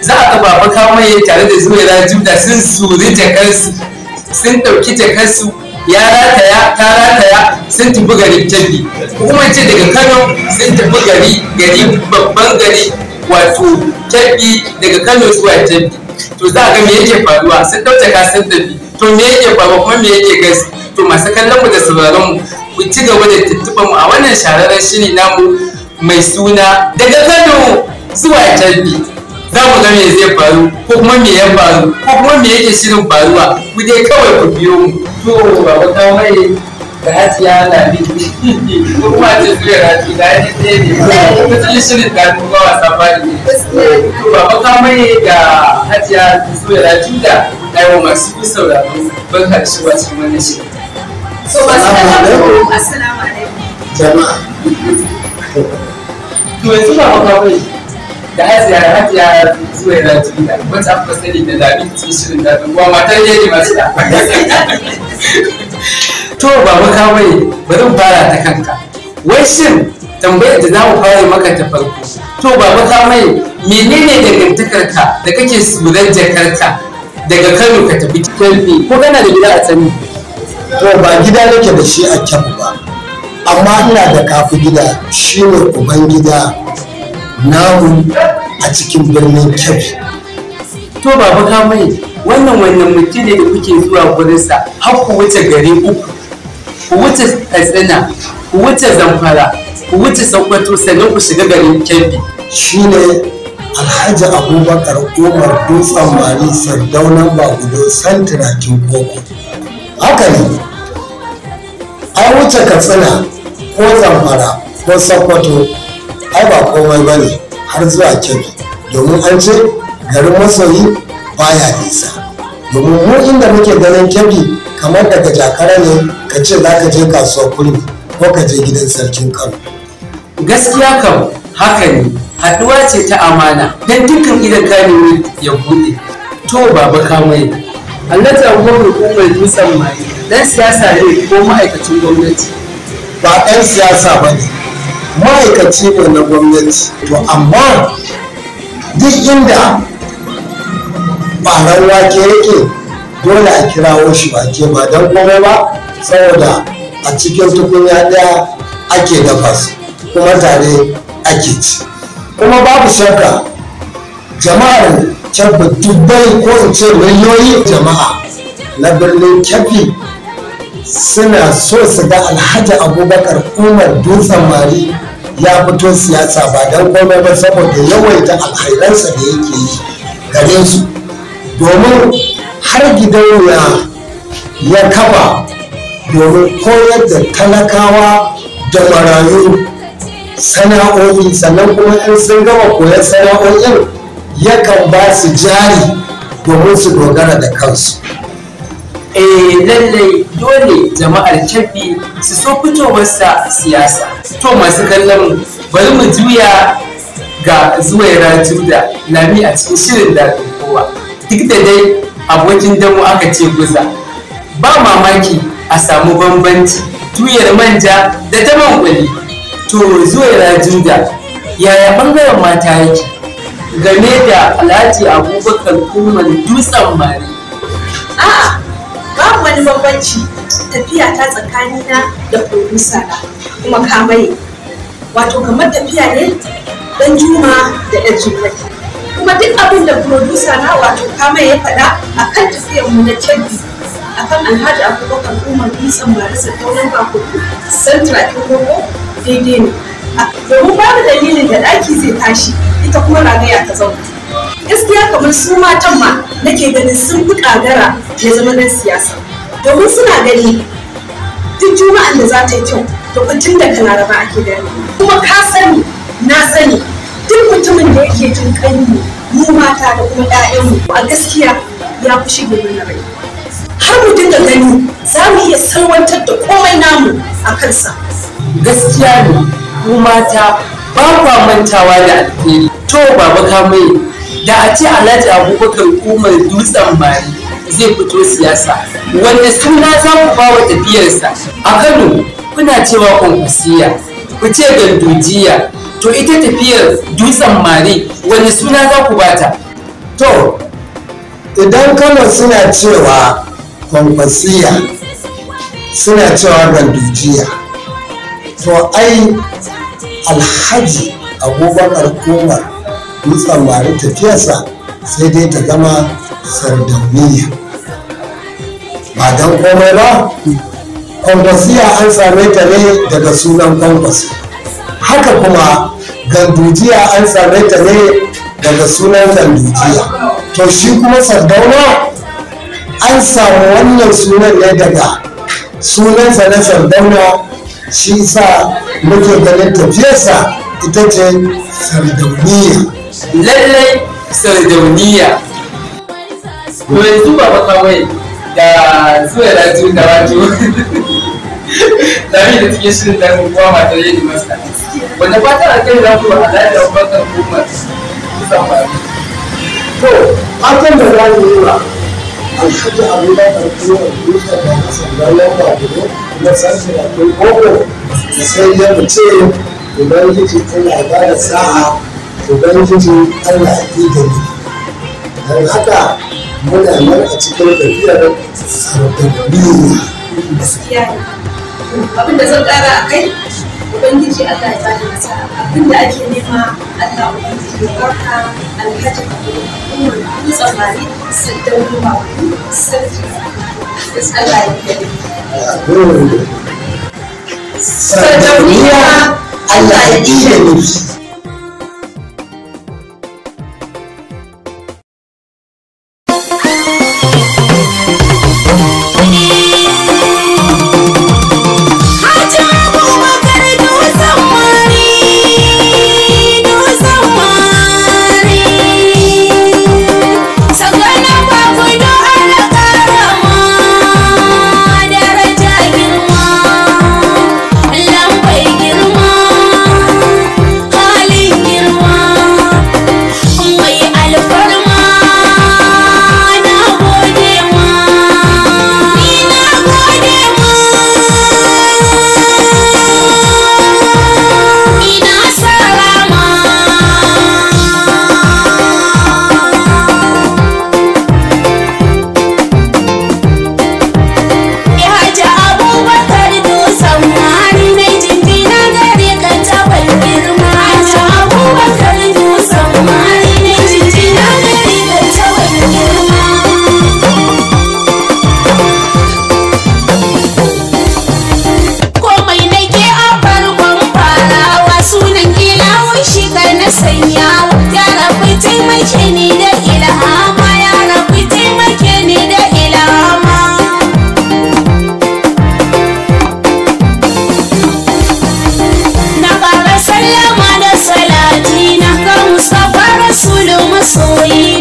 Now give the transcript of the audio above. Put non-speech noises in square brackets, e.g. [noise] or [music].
za a taba fa kawo mai tare da zuwa da juda sun suri jakarsu sun dauki jakarsu ya rataya ta rataya sun tafi gari tafi kuma ce daga kano sun tafi gari gari babban gari wato tafi daga kano zuwa tafi to za a ga me yake faruwa sun dauce ka sun tafi to me yake faruwa kuma me yake gasu to masu kallon mu da sauraron mu ku ci gaba da tuntuɓar mu a wannan shahararren shiri namu mai suna daga kano zuwa tafi za mu ga me zai faru ko kuma me ya faru ko kuma me yake shirin faruwa ku dai kawai ku biyo mu to baba ta mai da hatiya na bi ko kuma ce su ya rati da ni ne ne ko ta shirin da ku ga wasa ne. to baba ta mai da hatiya su ya rati da mu masu bi sauraron ban harshe wasu wannan shi So, assalamu alaikum. Jama'a. To yanzu ba ba mai da hajiya hajiya zuwa da jina wacce da zabi ci shirin da matar ne ne masu da [laughs] to baba kawai zan fara ta kanka wai shin tambayar da za fara maka ta farko to baba kawai menene dangantakarka da kake sudan jakarta daga kano ka tafi kelfi ko kana da gida a sani to ba gida nake da shi a kyabu ba amma ina da kafi gida shi ne uban gida namu a cikin birnin kebbi to baba ka mai wannan wannan mutum da kuke zuwa gurinsa har ku wuce gari uku ku wuce katsina ku wuce zamfara ku wuce sokoto sannan ku shiga garin kebbi shine alhaji abubakar umar dutsen mari sardaunan bagudo kin koko haka ne an wuce katsina ko zamfara ko sokoto ai ba komai ba ne har zuwa kebbi domin an ce garin masoyi baya nisa domin mu inda muke ganin kebbi kamar daga jakara ne ka ce za ka je kasuwa kurmi ko ka je gidan sarkin kano gaskiya kam haka ne haɗuwa ce ta amana don dukkan idan kalimi ya buɗe to baba kamai allata abubakar umar dusan mai dan siyasa ne ko ma'aikacin gwamnati ba ɗan siyasa ba ne ma'aikaci ne na gwamnati to amma duk inda ɓaran wake yake dole a kirawo shi wake ba don komai ba saboda a cikin tukunya ɗaya ake dafa su kuma tare ake ci kuma babu shakka jama'ar kyabba dubbai ko in ce miliyoyi jama'a na birnin kyafi suna so su ga alhaji abubakar umar dutsen mari ya fito siyasa ba don komai ba saboda yawaita alhairansa da yake yi gare su domin har gidan ya kafa domin koyar da talakawa da marayu sana'o'i sannan kuma in sun gama koyar sana'o'in yakan ba su jari domin su dogara da kansu. eh lallai dole jama'ar Kebbi su so sa siyasa. To masu kallon bari mu juya ga zuwaira Juda Lami a cikin shirin da kowa. Duk da dai abokin damu aka ce guza. Ba mamaki a samu bambanci tuyar manja da ta mangwali. To zuwaira Juda yaya bangaren mata yake? game da alhaji abubakar kuma dutsen mari. A'a, babu wani bambanci tafiya ta tsakanina da producer na kuma yi. wato kamar tafiya ne dan juma da ɗan jimai kuma duk abin da producer na wato kamai ya faɗa a kan tafiyar mu na canji a kan alhaji abubakar umar nisan barisa taunan bakuku central koko daidai ne domin babu dalilin da ɗaki zai tashi ita kuma ragaya ta zauna gaskiya kamar su matan ma nake ganin sun fi ƙagara ya zama nan siyasa domin suna gani duk juma'an da za ta yi kyau da kucin daga laraba ake gani kuma ka sani na sani duk mutumin da yake jin kanyi mu mata da kuma a gaskiya ya fi shige mana rai har mu dinga gani za mu iya salwantar da komai namu a kansa gaskiya ne mu mata ba kwa mantawa da alheri to baba kamai da a ce alhaji abubakar umar dutsen bari zai fito siyasa wanda suna za mu ba tafiyarsa a kano kuna cewa kwankwasiya ku ce gandujiya to ita tafiyar dutsen mari wanda suna za ku bata to idan kano suna cewa kwankwasiya suna cewa gandujiya to ai alhaji abubakar kuma dutsen mari tafiyarsa sai dai ta zama sardauniya ba don komai ba kwamfasiya an same ta ne daga sunan kwamfasi, haka kuma gandujiya an same ta ne daga sunan gandujiya to shi kuma sardauna an samu wannan sunan ne daga sunansa na sardauna shi sa muke ganin tafiyarsa ita ce sardauniya lallai sardauniya yanzu ba ba kawai da zuwa da tun da wato tare da cikin shirin da kuma matar yadda masa wanda fatan a kai zaku a da bakar kuma to fatan da za mu yi abu alhaji abubakar kuma abubakar da hasan da lamba gudu na sarki da kai koko da sai ya mace ubangiji allah ba da sa'a ubangiji allah ya ƙi da ni don haka muna nan a cikin tafiyar sarkaniya abin da zan kara a kai ubangiji allah ya bada nasa abin da ake nema allah ubangiji ya baka alhaji kuma tsammani sai da ruwa sarki allah ya bada sarkaniya allah ya iya nufi slowly